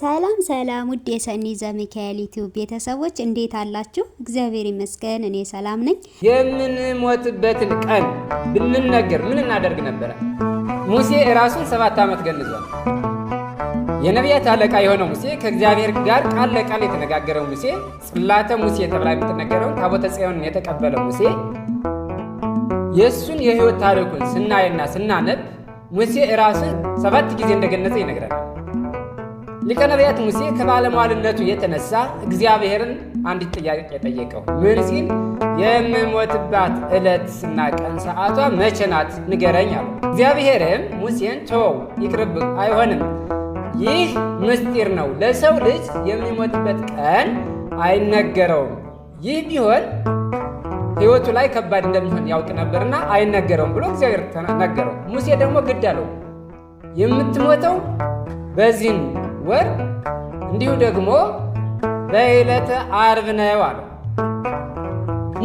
ሰላም ሰላም ውድ የሰኒ ዘሚካኤል ዩቲዩብ ቤተሰቦች እንዴት አላችሁ? እግዚአብሔር ይመስገን እኔ ሰላም ነኝ። የምንሞትበትን ቀን ብንነገር ምን እናደርግ ነበረ? ሙሴ እራሱን ሰባት ዓመት ገንዟል። የነቢያት አለቃ የሆነው ሙሴ ከእግዚአብሔር ጋር ቃል ለቃል የተነጋገረው ሙሴ ጽላተ ሙሴ ተብላ የምትነገረውን ታቦተ ጽዮንን የተቀበለው ሙሴ የእሱን የህይወት ታሪኩን ስናይና ስናነብ ሙሴ እራሱን ሰባት ጊዜ እንደገነዘ ይነግራል። ሊቀ ነቢያት ሙሴ ከባለሟልነቱ የተነሳ እግዚአብሔርን አንዲት ጥያቄ ጠየቀው። ምን ሲል የምሞትባት ዕለትና ቀን ሰዓቷ መቼ ናት ንገረኝ አሉ። እግዚአብሔርም ሙሴን ተወው፣ ይቅርብ፣ አይሆንም። ይህ ምስጢር ነው፣ ለሰው ልጅ የሚሞትበት ቀን አይነገረውም። ይህ ቢሆን ሕይወቱ ላይ ከባድ እንደሚሆን ያውቅ ነበርና አይነገረውም ብሎ እግዚአብሔር ነገረው። ሙሴ ደግሞ ግድ አለው፣ የምትሞተው በዚህ ወር እንዲሁ ደግሞ በዕለተ ዓርብ ነው አለ።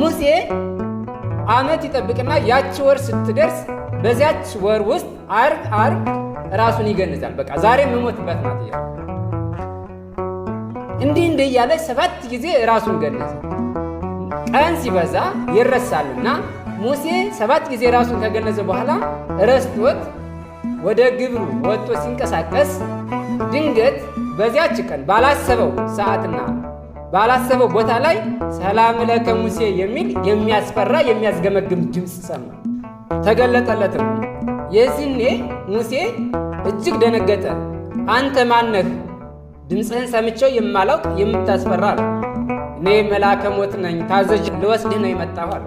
ሙሴ ዓመት ይጠብቅና ያች ወር ስትደርስ በዚያች ወር ውስጥ ዓርብ ዓርብ ራሱን ይገንዛል። በቃ ዛሬ የምሞትበት ናት እያለ እንዲህ እንዲህ እያለ ሰባት ጊዜ ራሱን ገነዘ። ቀን ሲበዛ ይረሳልና ሙሴ ሰባት ጊዜ ራሱን ከገነዘ በኋላ ረስቶት ወደ ግብሩ ወጥቶ ሲንቀሳቀስ ድንገት በዚያች ቀን ባላሰበው ሰዓትና ባላሰበው ቦታ ላይ ሰላም ለከ ሙሴ የሚል የሚያስፈራ የሚያስገመግም ድምፅ ሰማ፣ ተገለጠለትም። የዚህኔ ሙሴ እጅግ ደነገጠ። አንተ ማነህ? ድምፅህን ሰምቼው የማላውቅ የምታስፈራ አለ። እኔ መልአከ ሞት ነኝ፣ ታዘዥ፣ ልወስድህ ነው የመጣሁ አለ።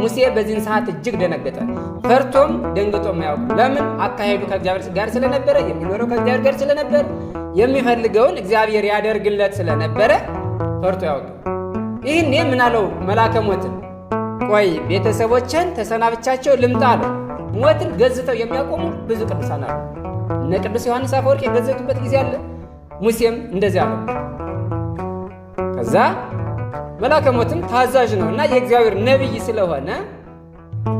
ሙሴ በዚህን ሰዓት እጅግ ደነገጠ። ፈርቶም ደንግጦም አያውቅም። ለምን? አካሄዱ ከእግዚአብሔር ጋር ስለነበረ፣ የሚኖረው ከእግዚአብሔር ጋር ስለነበረ፣ የሚፈልገውን እግዚአብሔር ያደርግለት ስለነበረ ፈርቶ አያውቅም። ይህን ምን አለው? መላከ ሞትን ቆይ ቤተሰቦችን ተሰናብቻቸው ልምጣ አለ። ሞትን ገዝተው የሚያቆሙ ብዙ ቅዱሳን አሉ። እነ ቅዱስ ዮሐንስ አፈወርቅ የገዘቱበት ጊዜ አለ። ሙሴም እንደዚያ አለው። ከዛ መላከ ሞትም ታዛዥ ነው እና የእግዚአብሔር ነቢይ ስለሆነ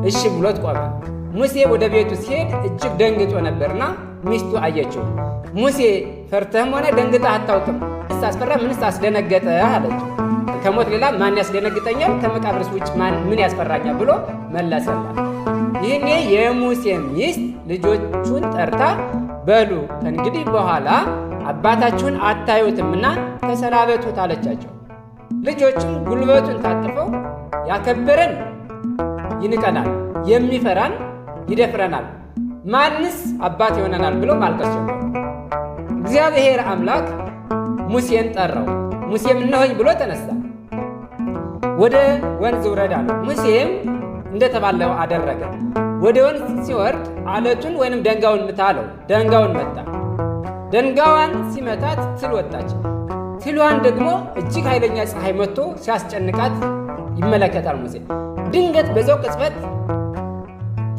እሺ ብሎት ቆመ። ሙሴ ወደ ቤቱ ሲሄድ እጅግ ደንግጦ ነበርና ሚስቱ አየችው። ሙሴ ፈርተህም ሆነ ደንግጠህ አታውቅም፣ ምንስ አስፈራ? ምንስ አስደነገጠ? አለችው። ከሞት ሌላ ማን ያስደነግጠኛል? ከመቃብርስ ውጭ ምን ያስፈራኛል? ብሎ መለሰላት። ይህኔ የሙሴ ሚስት ልጆቹን ጠርታ በሉ ከእንግዲህ በኋላ አባታችሁን አታዩትምና ተሰናበቱት አለቻቸው። ልጆችም ጉልበቱን ታጥፈው ያከበረን ይንቀናል፣ የሚፈራን ይደፍረናል፣ ማንስ አባት ይሆነናል ብሎ ማልቀስ ጀመሩ። እግዚአብሔር አምላክ ሙሴን ጠራው። ሙሴም እነሆኝ ብሎ ተነሳ፣ ወደ ወንዝ ውረድ አለው። ሙሴም እንደተባለው አደረገ። ወደ ወንዝ ሲወርድ አለቱን ወይንም ደንጋውን ምታ አለው። ደንጋውን መታ። ደንጋዋን ሲመታት ትል ወጣች። ሌላዋን ደግሞ እጅግ ኃይለኛ ፀሐይ መጥቶ ሲያስጨንቃት ይመለከታል ሙሴ። ድንገት በዛው ቅጽበት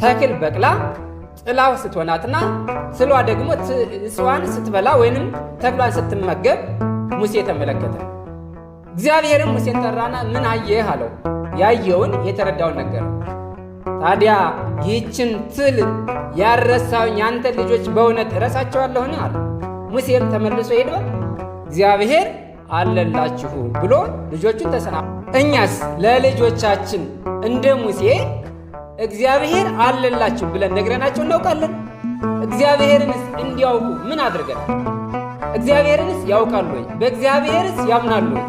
ተክል በቅላ ጥላው ስትሆናትና ትሏ ደግሞ እጽዋን ስትበላ ወይንም ተክሏን ስትመገብ ሙሴ ተመለከተ። እግዚአብሔርም ሙሴን ጠራና ምን አየህ አለው። ያየውን የተረዳውን ነገር ታዲያ ይህችን ትል ያረሳውኝ ያንተ ልጆች በእውነት እረሳቸዋለሁን? አለ ሙሴም ተመልሶ ሄደ እግዚአብሔር አለላችሁ ብሎ ልጆቹን ተሰና እኛስ ለልጆቻችን እንደ ሙሴ እግዚአብሔር አለላችሁ ብለን ነግረናቸው እናውቃለን። እግዚአብሔርንስ እንዲያውቁ ምን አድርገን እግዚአብሔርንስ ያውቃሉ ወይ? በእግዚአብሔርስ ያምናሉ ወይ?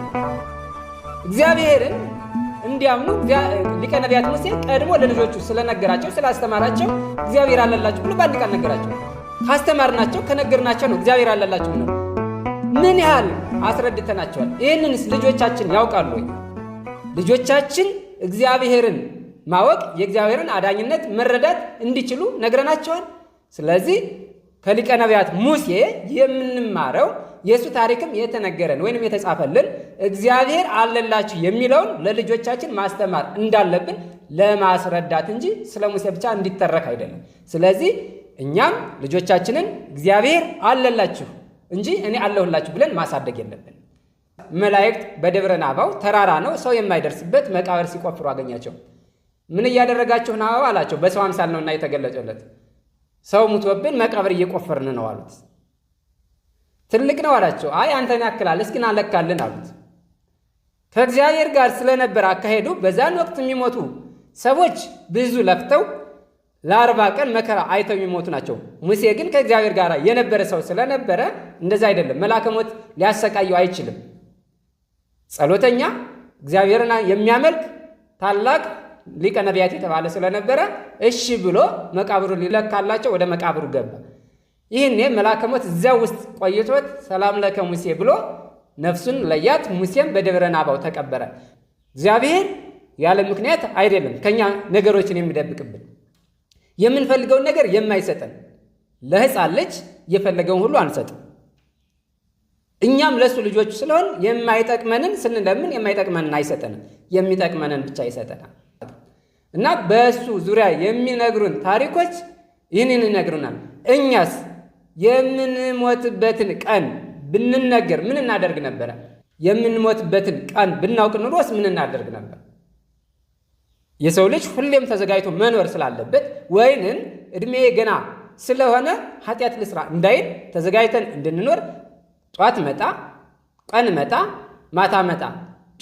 እግዚአብሔርን እንዲያምኑ ሊቀ ነቢያት ሙሴ ቀድሞ ለልጆቹ ስለነገራቸው ስላስተማራቸው እግዚአብሔር አለላችሁ ብሎ በአንድ ቃል ነገራቸው። ካስተማርናቸው ከነገርናቸው ነው እግዚአብሔር አለላችሁ ነው። ምን ያህል አስረድተናቸዋል? ይህንንስ ልጆቻችን ያውቃሉ ወይ? ልጆቻችን እግዚአብሔርን ማወቅ የእግዚአብሔርን አዳኝነት መረዳት እንዲችሉ ነግረናቸዋል። ስለዚህ ከሊቀ ነቢያት ሙሴ የምንማረው የእሱ ታሪክም የተነገረን ወይንም የተጻፈልን እግዚአብሔር አለላችሁ የሚለውን ለልጆቻችን ማስተማር እንዳለብን ለማስረዳት እንጂ ስለ ሙሴ ብቻ እንዲተረክ አይደለም። ስለዚህ እኛም ልጆቻችንን እግዚአብሔር አለላችሁ እንጂ እኔ አለሁላችሁ ብለን ማሳደግ የለብን። መላእክት በደብረ ናባው ተራራ ነው ሰው የማይደርስበት መቃብር ሲቆፍሩ አገኛቸው። ምን እያደረጋችሁ ናባው አላቸው። በሰው አምሳል ነውና የተገለጠለት ሰው ሙቶብን መቃብር እየቆፈርን ነው አሉት። ትልቅ ነው አላቸው። አይ አንተን ያክላል እስኪ እናለካልን አሉት። ከእግዚአብሔር ጋር ስለነበር አካሄዱ በዛን ወቅት የሚሞቱ ሰዎች ብዙ ለፍተው ለአርባ ቀን መከራ አይተው የሚሞቱ ናቸው። ሙሴ ግን ከእግዚአብሔር ጋር የነበረ ሰው ስለነበረ እንደዛ አይደለም። መላከ ሞት ሊያሰቃየው አይችልም። ጸሎተኛ፣ እግዚአብሔርን የሚያመልክ ታላቅ ሊቀ ነቢያት የተባለ ስለነበረ እሺ ብሎ መቃብሩ ሊለካላቸው ወደ መቃብሩ ገባ። ይህን መላከ ሞት እዚያ ውስጥ ቆይቶት ሰላም ለከ ሙሴ ብሎ ነፍሱን ለያት። ሙሴም በደብረ ናባው ተቀበረ። እግዚአብሔር ያለ ምክንያት አይደለም ከኛ ነገሮችን የሚደብቅብን የምንፈልገውን ነገር የማይሰጠን ለህፃን ልጅ የፈለገውን ሁሉ አንሰጥም። እኛም ለእሱ ልጆች ስለሆን የማይጠቅመንን ስንለምን የማይጠቅመንን አይሰጠንም፣ የሚጠቅመንን ብቻ ይሰጠናል። እና በእሱ ዙሪያ የሚነግሩን ታሪኮች ይህንን ይነግሩናል። እኛስ የምንሞትበትን ቀን ብንነገር ምን እናደርግ ነበረ? የምንሞትበትን ቀን ብናውቅ ኑሮስ ምን እናደርግ ነበር? የሰው ልጅ ሁሌም ተዘጋጅቶ መኖር ስላለበት ወይንን እድሜ ገና ስለሆነ ኃጢአት ልስራ እንዳይል ተዘጋጅተን እንድንኖር ጠዋት መጣ፣ ቀን መጣ፣ ማታ መጣ።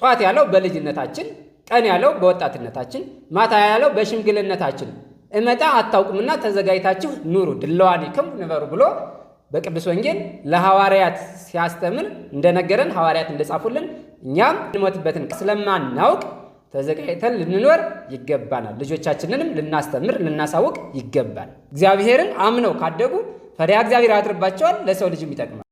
ጠዋት ያለው በልጅነታችን፣ ቀን ያለው በወጣትነታችን፣ ማታ ያለው በሽምግልነታችን እመጣ አታውቁምና ተዘጋጅታችሁ ኑሩ ድለዋኒክም ንበሩ ብሎ በቅዱስ ወንጌል ለሐዋርያት ሲያስተምር እንደነገረን ሐዋርያት እንደጻፉልን እኛም እንሞትበትን ስለማናውቅ ተዘጋጅተን ልንኖር ይገባናል። ልጆቻችንንም ልናስተምር ልናሳውቅ ይገባል። እግዚአብሔርን አምነው ካደጉ ፈሪሃ እግዚአብሔር ያድርባቸዋል፣ ለሰው ልጅም ይጠቅማል።